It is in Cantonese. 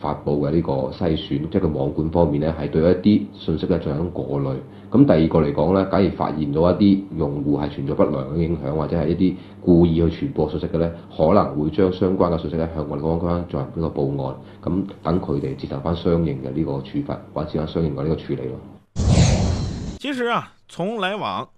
發布嘅呢個篩選，即係個網管方面咧，係對一啲信息咧進行過濾。咁第二個嚟講咧，假如發現到一啲用戶係存在不良嘅影響，或者係一啲故意去傳播信息嘅咧，可能會將相關嘅信息咧向我哋公安局進行呢個報案，咁等佢哋接受翻相應嘅呢個處罰或者相應嘅呢個處理咯。其實啊，從來往。